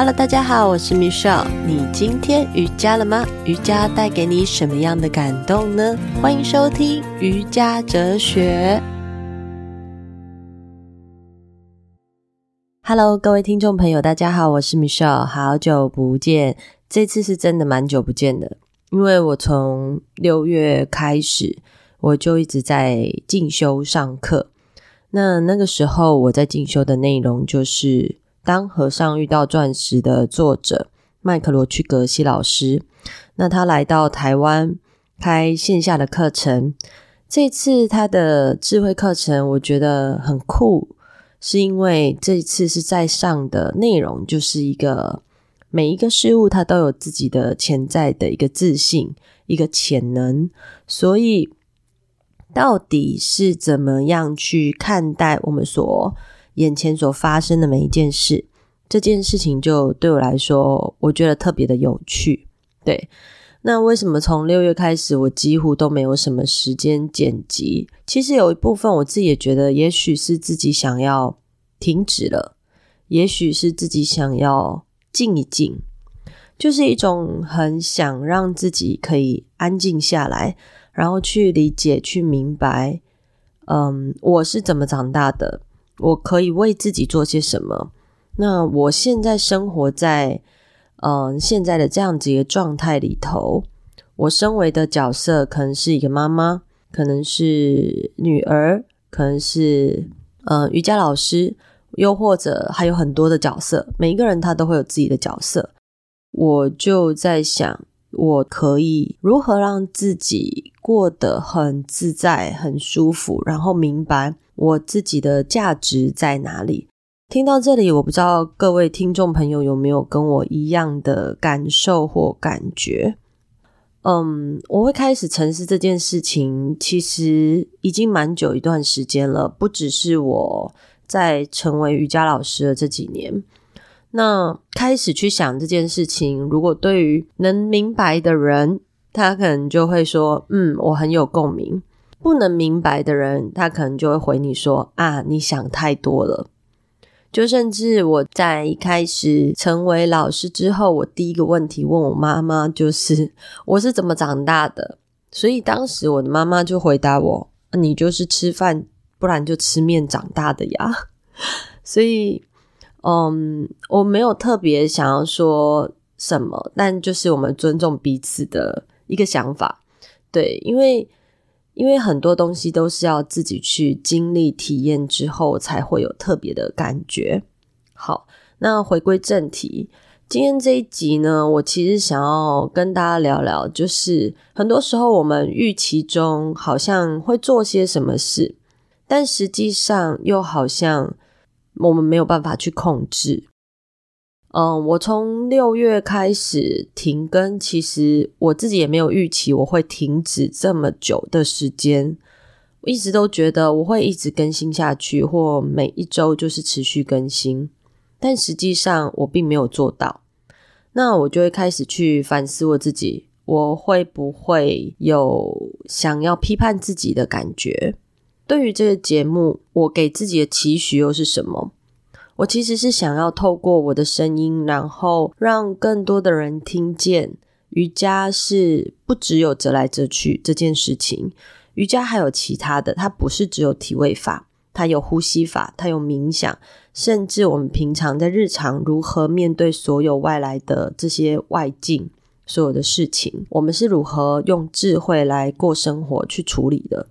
Hello，大家好，我是 Michelle。你今天瑜伽了嗎？瑜伽帶給你什麼樣的感動呢？歡迎收聽瑜伽哲學。Hello，各位聽眾朋友，大家好，我是 Michelle。好久不見，這次是真的蠻久不見的，因為我從六月開始我就一直在進修上課。那那個時候我在進修的內容就是。當和尚遇到鑽石的作者麥克羅區格西老師，那他來到台灣開線下的課程。這次他的智慧課程我覺得很酷，是因為這次是在上的內容就是一個每一個事物它都有自己的潛在的一個自信、一個潛能，所以到底是怎麼樣去看待我們所眼前所發生的每一件事？這件事情就對我來說，我覺得特別的有趣。對，那為什麼從六月開始，我幾乎都沒有什麼時間剪輯？其實有一部分我自己也覺得，也許是自己想要停止了，也許是自己想要靜一靜，就是一種很想讓自己可以安靜下來，然後去理解、去明白，嗯，我是怎麼長大的，我可以為自己做些什麼。那我現在生活在嗯現在的這樣子的狀態這樣子一個狀態裡頭，我身為的角色可能是一個媽媽，可能是女兒，可能是嗯瑜伽老師，又或者還有很多的角色。每一個人他都會有自己的角色。我就在想，我可以如何讓自己過得很自在、很舒服，然後明白我自己的價值在哪裡。聽到這裡，我不知道各位聽眾朋友有沒有跟我一樣的感受或感覺。嗯，我會開始沉思這件事情，其實已經蠻久一段時間了。不只是我在成為瑜伽老師的這幾年，那開始去想這件事情。如果對於能明白的人，他可能就會說：“嗯，我很有共鳴。”不能明白的人，他可能就會回你說：“啊，你想太多了。”就甚至我在一開始成為老師之後，我第一個問題問我媽媽，就是我是怎麼長大的？所以當時我的媽媽就回答我：“你就是吃飯，不然就吃麵長大的呀。”所以，嗯，我沒有特別想要說什麼，但就是我們尊重彼此的一個想法。對，因為。因為很多東西都是要自己去經歷、體驗之後，才會有特別的感覺。好，那回歸正題，今天這一集呢，我其實想要跟大家聊聊，就是很多時候我們預期中好像會做些什麼事，但實際上又好像我們沒有辦法去控制。嗯，我從六月開始停更，其實我自己也沒有預期我會停止這麼久的時間。我一直都覺得我會一直更新下去，或每一周就是持續更新，但實際上我並沒有做到。那我就會開始去反思我自己，我會不會有想要批判自己的感覺？對於這個節目，我給自己的期許又是什麼？我其實是想要透過我的聲音，然後讓更多的人聽見，瑜伽是不只有折來折去這件事情，瑜伽還有其他的，它不是只有體位法，它有呼吸法，它有冥想，甚至我們平常在日常如何面對所有外來的這些外境，所有的事情，我們是如何用智慧來過生活去處理的？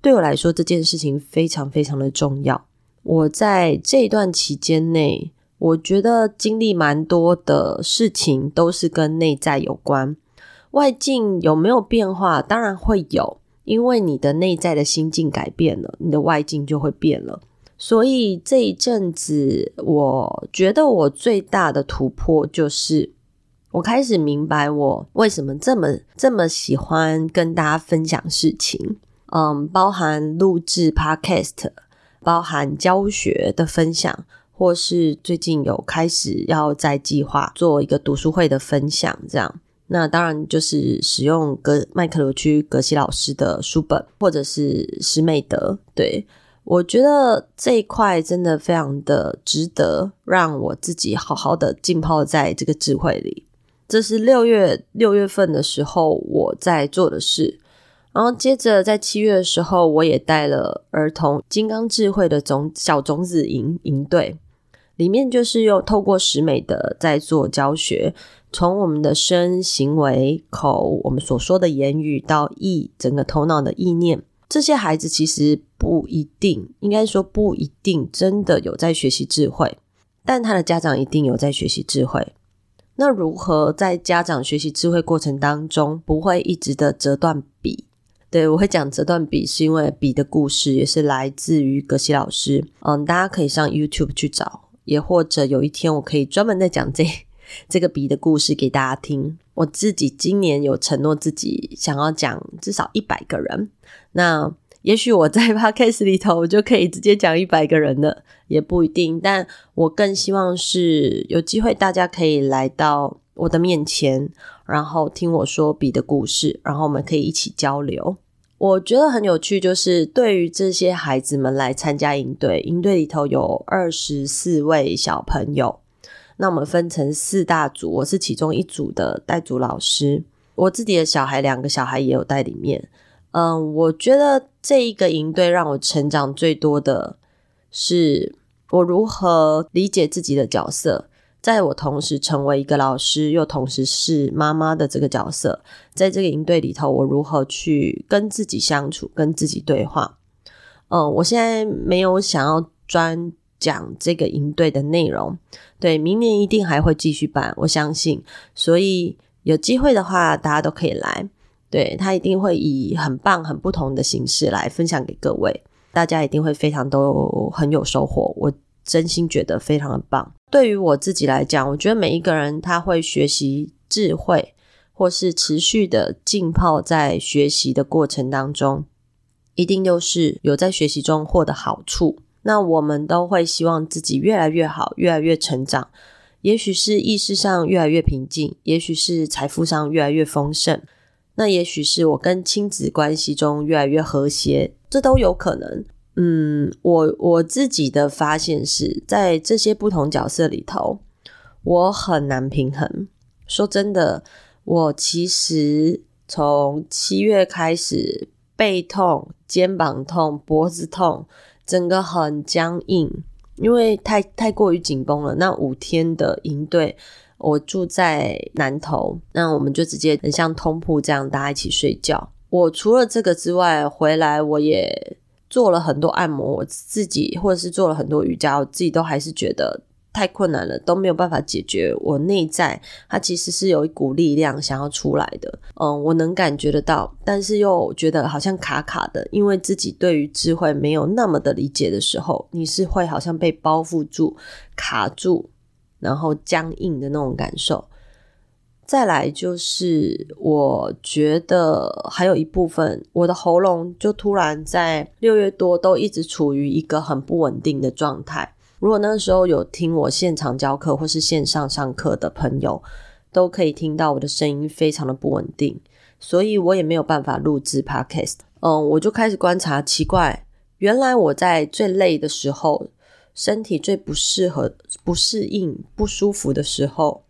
對我來說，這件事情非常非常的重要。我在這段期間內，我覺得經歷蠻多的事情，都是跟內在有關。外境有沒有變化？當然會有，因為你的內在的心境改變了，你的外境就會變了。所以這一陣子，我覺得我最大的突破就是，我開始明白我為什麼這麼這麼喜歡跟大家分享事情。嗯，包含錄製 Podcast。包含教學的分享，或是最近有開始要在計劃做一個讀書會的分享，這樣。那當然就是使用格麥克羅區格西老師的書本，或者是史美德。對，我覺得這一塊真的非常的值得，讓我自己好好的浸泡在這個智慧裡。這是六月六月份的時候我在做的事。然後接着在七月的時候，我也帶了兒童金剛智慧的種小種子營營隊，裡面就是用透過十美的在做教學，從我們的身、行為、口，我們所說的言語到意，整個頭腦的意念。這些孩子其實不一定，應該說不一定真的有在學習智慧，但他的家長一定有在學習智慧。那如何在家長學習智慧過程當中，不會一直的折斷筆？對，我會講這段筆，是因為筆的故事也是來自於格西老師。嗯，大家可以上 YouTube 去找，也或者有一天我可以專門在講這這個筆的故事給大家聽。我自己今年有承諾自己想要講至少一百個人，那也許我在 Podcast 裡頭我就可以直接講一百個人的，也不一定。但我更希望是有機會，大家可以來到。我的面前，然後聽我說筆的故事，然後我們可以一起交流。我覺得很有趣，就是對於這些孩子們來參加營隊，營隊裡頭有二十四位小朋友，那我們分成四大組，我是其中一組的帶組老師，我自己的小孩兩個小孩也有在裡面。嗯，我覺得這一個營隊讓我成長最多的是我如何理解自己的角色。在我同時成為一個老師，又同時是媽媽的這個角色，在這個營隊裡頭，我如何去跟自己相處，跟自己對話？嗯，我現在沒有想要專講這個營隊的內容。對，明年一定還會繼續辦，我相信。所以有機會的話，大家都可以來。對，他一定會以很棒、很不同的形式來分享給各位，大家一定會非常都很有收穫。我真心覺得非常的棒。對於我自己來講，我覺得每一個人他會學習智慧，或是持續的浸泡在學習的過程當中，一定就是有在學習中獲得好處。那我們都會希望自己越來越好，越來越成長。也許是意識上越來越平靜，也許是財富上越來越豐盛，那也許是我跟親子關係中越來越和諧，這都有可能。嗯，我我自己的發現是在這些不同角色裡頭，我很難平衡。說真的，我其實從七月開始背痛、肩膀痛、脖子痛，整個很僵硬，因為太太過於緊繃了。那五天的營隊，我住在南投，那我們就直接很像通鋪這樣，大家一起睡覺。我除了這個之外，回來我也做了很多按摩，我自己或者是做了很多瑜伽，我自己都還是覺得太困難了，都沒有辦法解決我內在。它其實是有一股力量想要出來的，嗯，我能感覺得到，但是又覺得好像卡卡的。因為自己對於智慧沒有那麼的理解的時候，你是會好像被包覆住、卡住，然後僵硬的那種感受。再來就是，我覺得還有一部分，我的喉嚨就突然在六月多都一直處於一個很不穩定的狀態。如果那時候有聽我現場教課或是線上上課的朋友，都可以聽到我的聲音非常的不穩定，所以我也沒有辦法錄制 Podcast。嗯，我就開始觀察，奇怪，原來我在最累的時候，身體最不適合、不適應、不舒服的時候。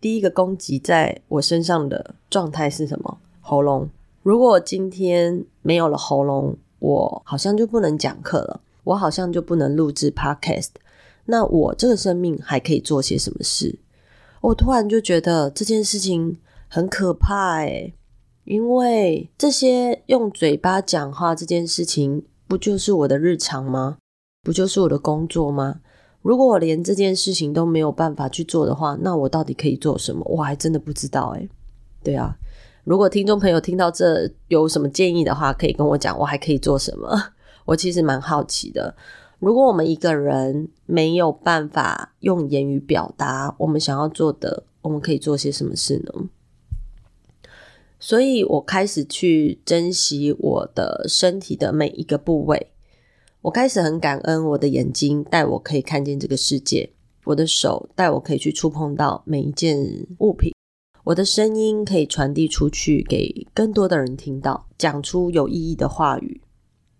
第一個攻擊在我身上的狀態是什麼？喉嚨。如果今天沒有了喉嚨，我好像就不能講課了，我好像就不能錄制 Podcast。那我這個生命還可以做些什麼事？我突然就覺得這件事情很可怕哎、欸，因為這些用嘴巴講話這件事情，不就是我的日常嗎？不就是我的工作嗎？如果我連這件事情都沒有辦法去做的話，那我到底可以做什麼？我還真的不知道欸。對啊，如果聽眾朋友聽到這有什麼建議的話，可以跟我講，我還可以做什麼？我其實蠻好奇的。如果我們一個人沒有辦法用言語表達我們想要做的，我們可以做些什麼事呢？所以我開始去珍惜我的身體的每一個部位。我開始很感恩我的眼睛帶我可以看見這個世界，我的手帶我可以去觸碰到每一件物品，我的聲音可以傳遞出去給更多的人聽到，講出有意義的話語。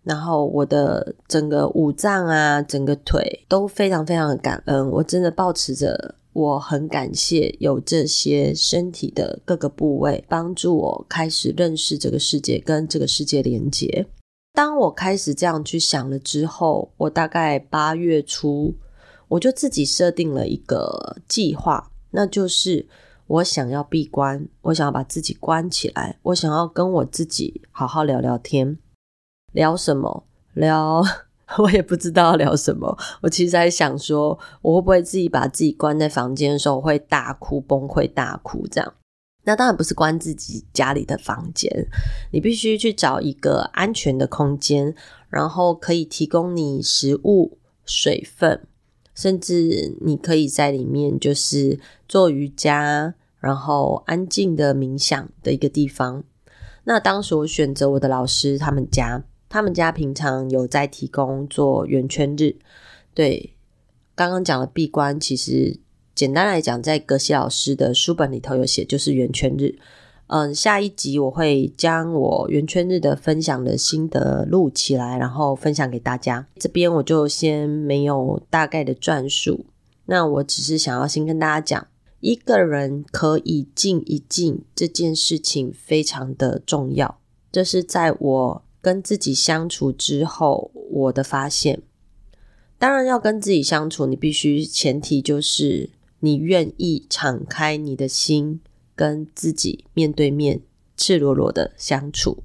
然後我的整個五臟啊，整個腿都非常非常的感恩。我真的抱持着我很感謝有這些身體的各個部位幫助我開始認識這個世界，跟這個世界連接。當我開始這樣去想了之後，我大概八月初，我就自己設定了一個計劃，那就是我想要閉關，我想要把自己關起來，我想要跟我自己好好聊聊天。聊什麼？聊我也不知道聊什麼。我其實在想說，我會不會自己把自己關在房間的時候，我會大哭崩潰大哭這樣。那當然不是關自己家裡的房間，你必須去找一個安全的空間，然後可以提供你食物、水分，甚至你可以在裡面就是做瑜伽，然後安靜的冥想的一個地方。那當時我選擇我的老師他們家，他們家平常有在提供做圓圈日，對，剛剛講了閉關，其實。簡單來講，在格西老師的書本裡頭有寫，就是圓圈日。嗯，下一集我會將我圓圈日的分享的心得錄起來，然後分享給大家。這邊我就先沒有大概的轉述。那我只是想要先跟大家講，一個人可以靜一靜，這件事情非常的重要。這、就是在我跟自己相處之後我的發現。當然要跟自己相處，你必須前提就是。你願意敞開你的心，跟自己面對面，赤裸裸的相處。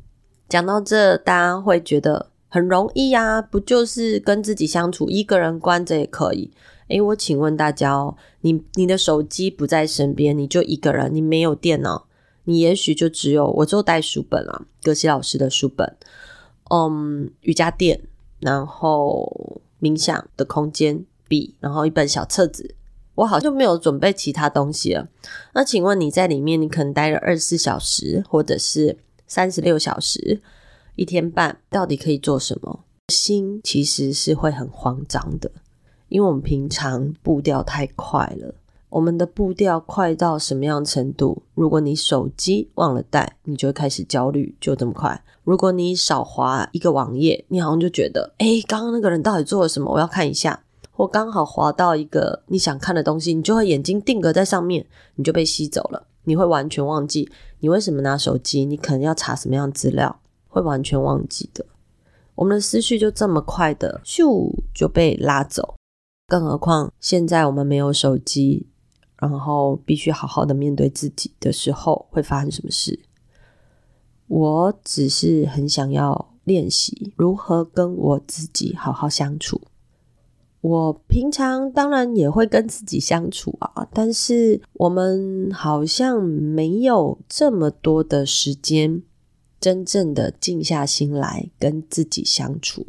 講到這，大家會覺得很容易啊，不就是跟自己相處，一個人關着也可以？誒、欸，我請問大家哦，你你的手機不在身邊，你就一個人，你沒有電腦，你也許就只有我就帶書本了，啊，葛西老師的書本，嗯、um,，瑜伽墊，然後冥想的空間，筆，然後一本小冊子。我好像沒有準備其他東西了。那請問你在裡面，你可能待了二十四小時，或者是三十六小時，一天半，到底可以做什麼？心其實是會很慌張的，因為我們平常步調太快了。我們的步調快到什麼樣程度？如果你手機忘了帶，你就會開始焦慮，就這麼快。如果你少滑一個網頁，你好像就覺得，欸，剛剛那個人到底做了什麼？我要看一下。我剛好滑到一個你想看的東西，你就會眼睛定格在上面，你就被吸走了。你會完全忘記你為什麼拿手機，你可能要查什麼樣的資料，會完全忘記的。我們的思緒就這麼快的咻就被拉走。更何況現在我們沒有手機，然後必須好好的面對自己的時候，會發生什麼事？我只是很想要練習如何跟我自己好好相處。我平常當然也會跟自己相處啊，但是我們好像沒有這麼多的時間，真正的靜下心來跟自己相處，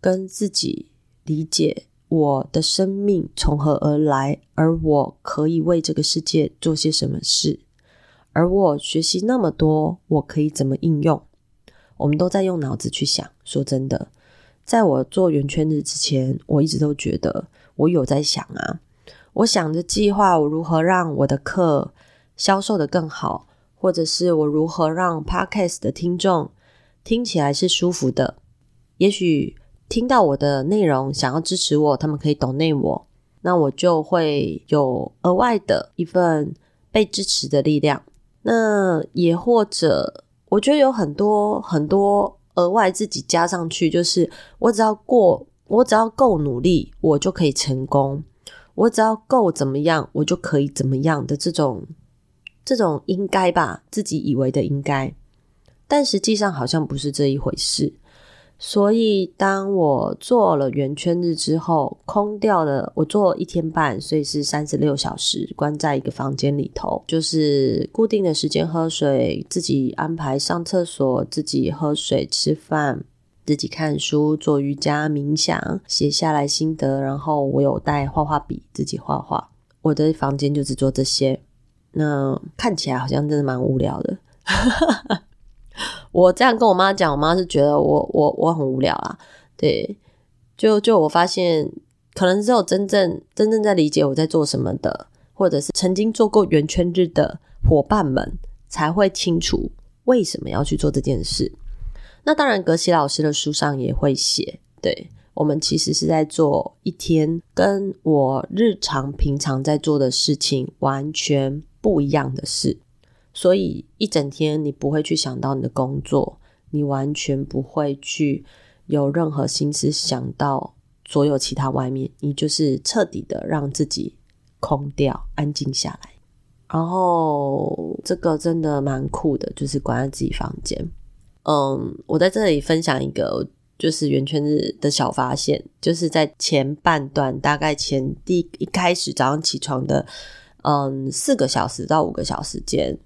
跟自己理解我的生命從何而來，而我可以為這個世界做些什麼事，而我學習那麼多，我可以怎麼應用？我們都在用腦子去想，說真的。在我做圓圈子之前，我一直都覺得我有在想啊，我想着計劃我如何讓我的課銷售得更好，或者是我如何讓 Podcast 的聽眾聽起來是舒服的。也許聽到我的內容，想要支持我，他們可以 donate 我，那我就會有額外的一份被支持的力量。那也或者，我覺得有很多很多。額外自己加上去，就是我只要過，我只要夠努力，我就可以成功；我只要夠怎麼樣，我就可以怎麼樣的這種這種應該吧，自己以為的應該，但實際上好像不是這一回事。所以，當我做了圓圈日之後，空掉了。我做一天半，所以是三十六小時，關在一個房間裡頭，就是固定的時間喝水，自己安排上廁所，自己喝水、吃飯，自己看書、做瑜伽、冥想，寫下來心得。然後我有帶畫畫筆，自己畫畫。我的房間就只做這些。那看起來好像真的蠻無聊的。 我這樣跟我媽講，我媽是覺得我我我很無聊啊。對，就就我發現，可能只有真正真正在理解我在做什麼的，或者是曾經做過圓圈日的夥伴們，才會清楚為什麼要去做這件事。那當然，格西老師的書上也會寫，對，我們其實是在做一天跟我日常平常在做的事情完全不一樣的事。所以一整天你不會去想到你的工作，你完全不會去有任何心思想到所有其他外面，你就是徹底的讓自己空掉、安靜下來。然後這個真的蠻酷的，就是關在自己房間。嗯，我在這裡分享一個，就是圓圈日的小發現，就是在前半段，大概前第一，一開始早上起床的，嗯，四個小時到五個小時間。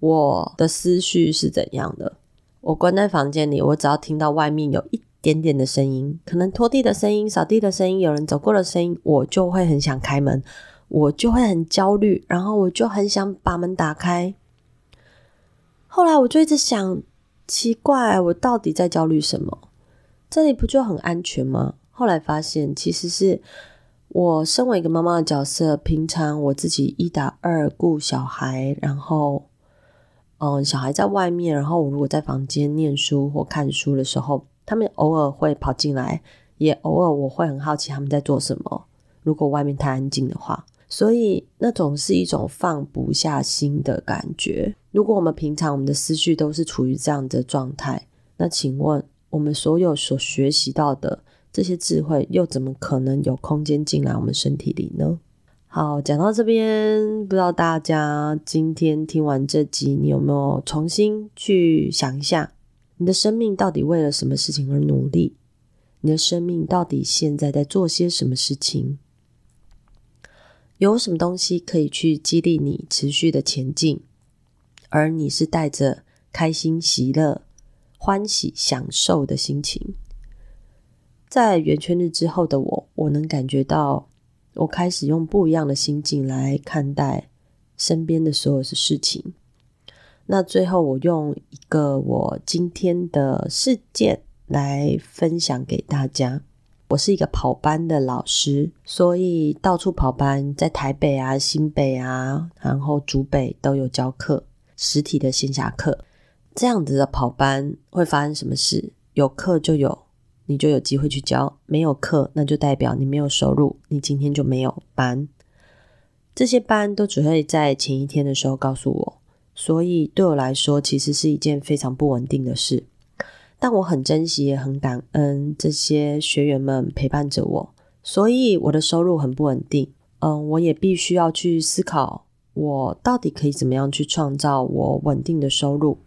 我的思緒是怎樣的？我關在房間裡，我只要聽到外面有一點點的聲音，可能拖地的聲音、掃地的聲音、有人走過的聲音，我就會很想開門，我就會很焦慮，然後我就很想把門打開。後來我就一直想，奇怪，我到底在焦慮什麼？這裡不就很安全嗎？後來發現，其實是我身為一個媽媽的角色，平常我自己一打二顧小孩，然後。嗯，小孩在外面，然後我如果在房間念書或看書的時候，他們偶爾會跑進來，也偶爾我會很好奇他們在做什麼。如果外面太安靜的話，所以那種是一種放不下心的感覺。如果我們平常我們的思緒都是處於這樣的狀態，那請問我們所有所學習到的這些智慧，又怎麼可能有空間進來我們身體裡呢？好，講到這邊，不知道大家今天聽完這集，你有沒有重新去想一下，你的生命到底為了什麼事情而努力？你的生命到底現在在做些什麼事情？有什麼東西可以去激勵你持續的前進？而你是帶着開心、喜樂、歡喜、享受的心情，在圓圈日之後的我，我能感覺到。我開始用不一樣的心境來看待身邊的所有的事情。那最後，我用一個我今天的事件來分享給大家。我是一個跑班的老師，所以到處跑班，在台北啊、新北啊，然後竹北都有教課，實體的線下課。這樣子的跑班會發生什麼事？有課就有。你就有機會去教，沒有課，那就代表你沒有收入，你今天就沒有班。這些班都只會在前一天的時候告訴我，所以對我來說，其實是一件非常不穩定的事。但我很珍惜，也很感恩這些學員們陪伴着我。所以我的收入很不穩定，嗯，我也必須要去思考，我到底可以怎麼樣去創造我穩定的收入，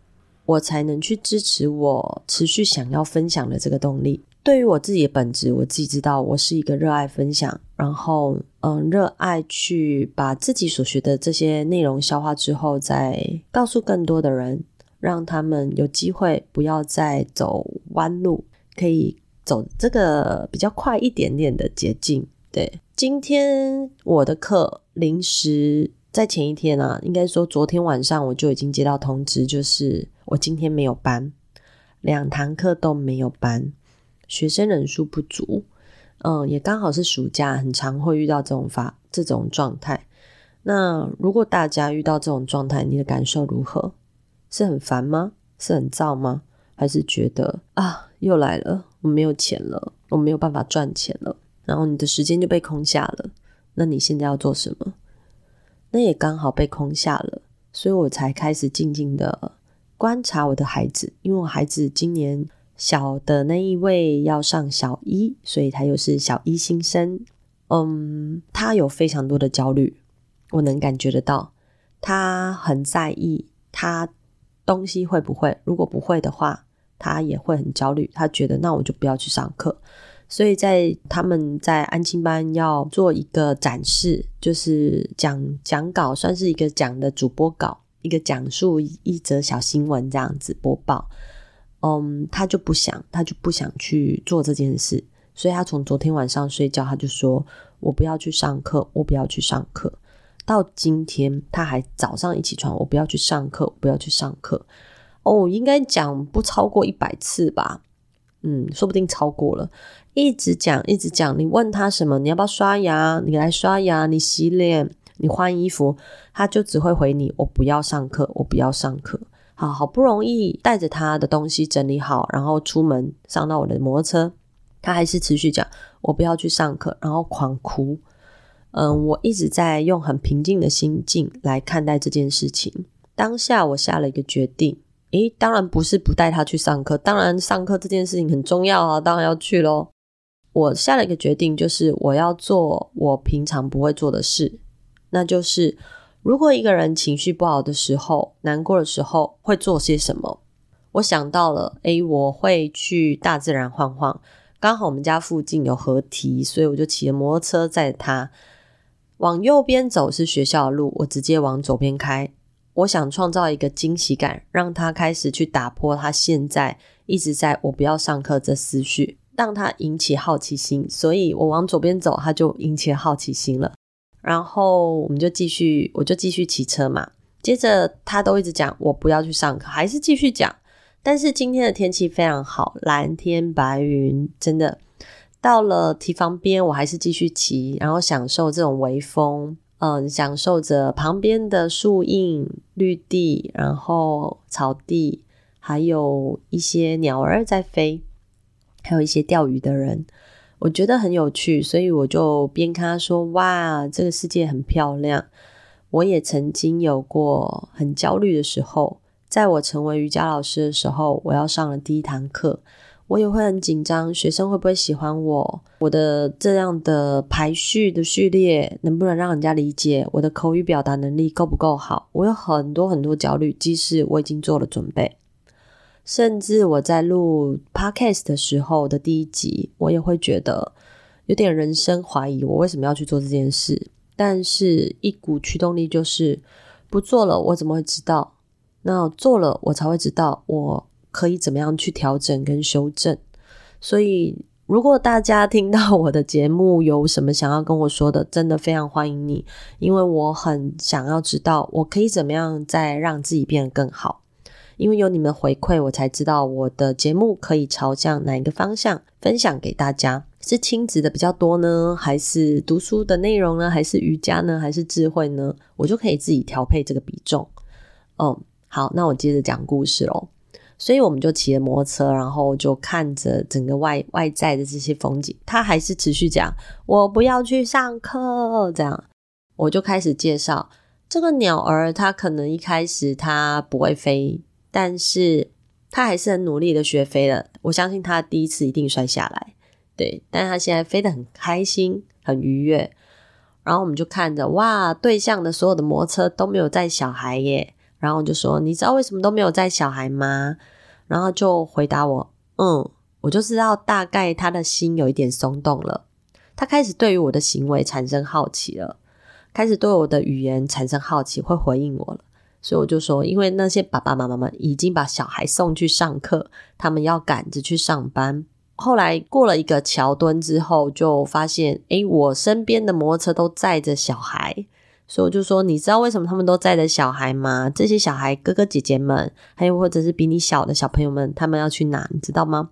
我才能去支持我持續想要分享的這個動力。對於我自己的本質，我自己知道，我是一個熱愛分享，然後嗯，熱愛去把自己所學的這些內容消化之後，再告訴更多的人，讓他們有機會不要再走彎路，可以走這個比較快一點點的捷徑。對，今天我的課臨時在前一天啊，應該說昨天晚上我就已經接到通知，就是我今天沒有班，兩堂課都沒有班。學生人數不足，嗯，也剛好是暑假，很常會遇到這種發這種狀態。那如果大家遇到這種狀態，你的感受如何？是很煩嗎？是很躁嗎？還是覺得啊，又來了，我沒有錢了，我沒有辦法賺錢了，然後你的時間就被空下了。那你現在要做什麼？那也剛好被空下了，所以我才開始靜靜的觀察我的孩子，因為我孩子今年。小的那一位要上小一，所以他又是小一新生。嗯，他有非常多的焦慮，我能感覺得到。他很在意他東西會不會，如果不會的話，他也會很焦慮。他覺得那我就不要去上課。所以在他們在安親班要做一個展示，就是講講稿，算是一個講的主播稿，一個講述一則小新聞這樣子播報。嗯，他就不想，他就不想去做這件事，所以他從昨天晚上睡覺，他就說：“我不要去上課，我不要去上課。”到今天他還早上一起床，我不要去上課，我不要去上課。哦，應該講不超過一百次吧，嗯，說不定超過了，一直講，一直講。你問他什麼？你要不要刷牙？你來刷牙，你洗臉，你換衣服，他就只會回你：“我不要上課，我不要上課。”啊，好，好不容易帶着他的東西整理好，然後出門上到我的摩托車，他還是持續講我不要去上課，然後狂哭。嗯，我一直在用很平靜的心境來看待這件事情。當下我下了一個決定，誒、欸，當然不是不帶他去上課，當然上課這件事情很重要啊，當然要去咯。我下了一個決定，就是我要做我平常不會做的事，那就是。如果一個人情緒不好的時候、難過的時候會做些什麼？我想到了，哎，我會去大自然晃晃。剛好我們家附近有河堤，所以我就騎着摩托車載他。往右邊走是學校的路，我直接往左邊開。我想創造一個驚喜感，讓他開始去打破他現在，一直在我不要上課這思緒，讓他引起好奇心。所以我往左邊走，他就引起好奇心了。然後我們就繼續，我就繼續騎車嘛。接着他都一直講，我不要去上課，還是繼續講。但是今天的天氣非常好，藍天白雲，真的到了堤防邊，我還是繼續騎，然後享受這種微風，嗯、呃，享受着旁邊的樹蔭、綠地，然後草地，還有一些鳥兒在飛，還有一些釣魚的人。我覺得很有趣，所以我就邊看他說：“哇，這個世界很漂亮。”我也曾經有過很焦慮的時候。在我成為瑜伽老師的時候，我要上了第一堂課，我也會很緊張，學生會不會喜歡我？我的這樣的排序的序列能不能讓人家理解？我的口語表達能力夠不夠好？我有很多很多焦慮，即使我已經做了準備。甚至我在錄 Podcast 的時候的第一集，我也會覺得有點人生懷疑，我為什麼要去做這件事？但是一股驅動力就是不做了，我怎麼會知道？那做了，我才會知道我可以怎麼樣去調整跟修正。所以，如果大家聽到我的節目，有什麼想要跟我說的，真的非常歡迎你，因為我很想要知道我可以怎麼樣再讓自己變得更好。因為有你們回饋，我才知道我的節目可以朝向哪一個方向分享給大家，是親子的比較多呢，還是讀書的內容呢，還是瑜伽呢，還是智慧呢？我就可以自己調配這個比重。嗯，好，那我接着講故事嘍。所以我們就騎着摩托車，然後就看着整個外外在的這些風景。他還是持續講，我不要去上課，這樣。我就開始介紹這個鳥兒，它可能一開始它不會飛。但是他還是很努力的學飛了，我相信他第一次一定摔下來，對，但是他現在飛得很開心，很愉悅。然後我們就看着，哇，對向的所有的摩托車都沒有載小孩耶。然後我就說，你知道為什麼都沒有載小孩嗎？然後就回答我，嗯，我就知道大概他的心有一點鬆動了，他開始對於我的行為產生好奇了，開始對我的語言產生好奇，會回應我了。所以我就說，因為那些爸爸媽媽們已經把小孩送去上課，他們要趕着去上班。後來過了一個橋墩之後，就發現，誒，我身邊的摩托車都載着小孩。所以我就說，你知道為什麼他們都載着小孩嗎？這些小孩哥哥姐姐們，還有或者是比你小的小朋友們，他們要去哪？你知道嗎？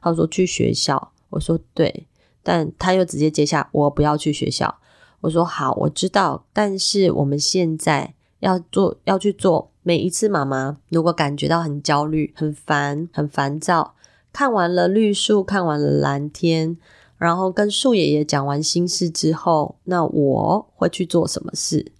他說去學校。我說對，但他又直接接下，我不要去學校。我說好，我知道，但是我們現在。要做，要去做。每一次媽媽如果感覺到很焦慮、很煩、很煩躁，看完了綠樹，看完了藍天，然後跟樹爺爺講完心事之後，那我會去做什麼事？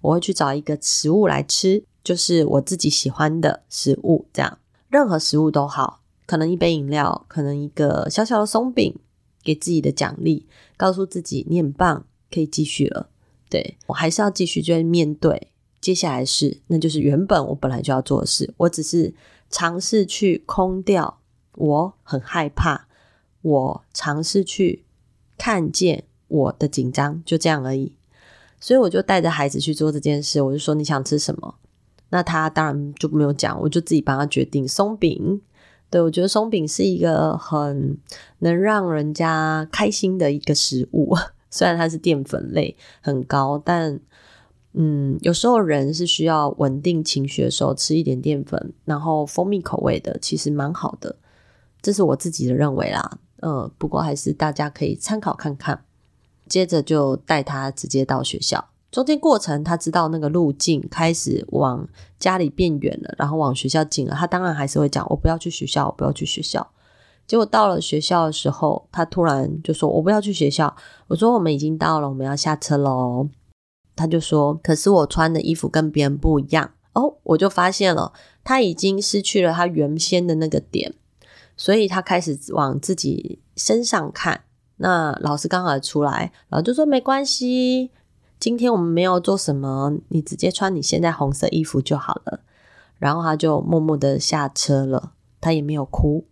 我會去找一個食物來吃，就是我自己喜歡的食物，這樣任何食物都好，可能一杯飲料，可能一個小小的鬆餅，給自己的獎勵，告訴自己你很棒，可以繼續了。對，我還是要繼續在面對。接下來是，那就是原本我本來就要做的事，我只是嘗試去空掉，我很害怕，我嘗試去看見我的緊張，就這樣而已。所以我就帶着孩子去做這件事，我就說你想吃什麼？那他當然就沒有講，我就自己幫他決定鬆餅。對，我覺得鬆餅是一個很能讓人家開心的一個食物，雖然它是澱粉類很高，但。嗯，有時候人是需要穩定情緒的時候吃一點澱粉，然後蜂蜜口味的其實蠻好的，這是我自己的認為啦。嗯，不過還是大家可以參考看看。接着就帶他直接到學校，中間過程他知道那個路徑，開始往家裡變遠了，然後往學校近了，他當然還是會講我不要去學校，我不要去學校。結果到了學校的時候，他突然就說我不要去學校。我說我們已經到了，我們要下車嘍。他就說：“可是我穿的衣服跟別人不一樣哦。”我就發現了，他已經失去了他原先的那個點，所以他開始往自己身上看。那老師剛好出來，老師說：“沒關係，今天我們沒有做什麼，你直接穿你現在紅色衣服就好了。”然後他就默默的下車了，他也沒有哭。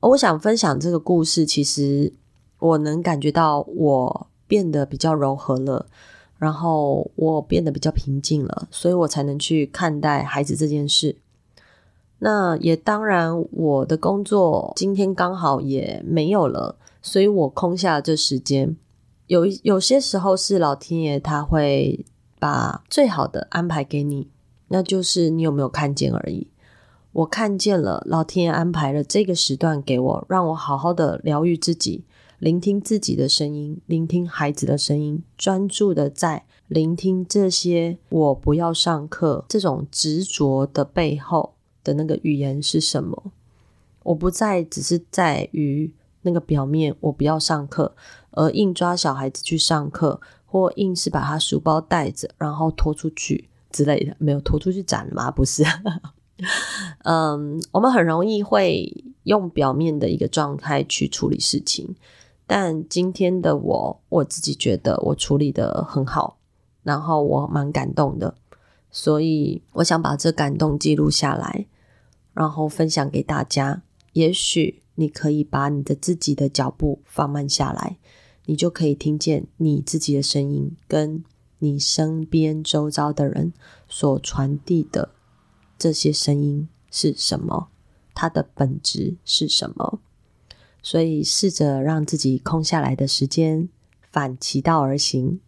哦，我想分享這個故事，其實我能感覺到我變得比較柔和了。然後我變得比較平靜了，所以我才能去看待孩子這件事。那也當然，我的工作今天剛好也沒有了，所以我空下了這時間。有有些時候是老天爺他會把最好的安排給你，那就是你有沒有看見而已。我看見了，老天爺安排了這個時段給我，讓我好好的療癒自己。聆聽自己的聲音，聆聽孩子的聲音，專注的在聆聽這些。我不要上課這種執着的背後的那個語言是什麼？我不再只是在於那個表面，我不要上課，而硬抓小孩子去上課，或硬是把他書包帶着，然後拖出去之類的。沒有拖出去斬嗎？不是。 嗯，我們很容易會用表面的一個狀態去處理事情。但今天的我，我自己覺得我處理得很好，然後我蠻感動的，所以我想把這感動記錄下來，然後分享給大家。也許你可以把你的自己的腳步放慢下來，你就可以聽見你自己的聲音，跟你身邊周遭的人所傳遞的這些聲音是什麼，它的本質是什麼。所以，試着讓自己空下來的時間反其道而行，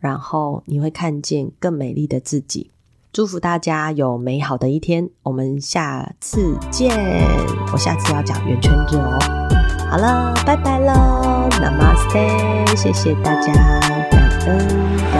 然後你會看見更美麗的自己。祝福大家有美好的一天，我們下次見。我下次要講圓圈子哦。好了，拜拜嘍，Namaste，謝謝大家，感恩。